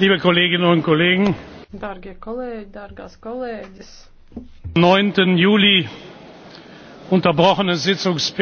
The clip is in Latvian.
liebe Kolleginnen un Kollegen! Dargie kolēģi, dārgās kolēģis! 9. Juli unterbrochene Sitzungsperiode.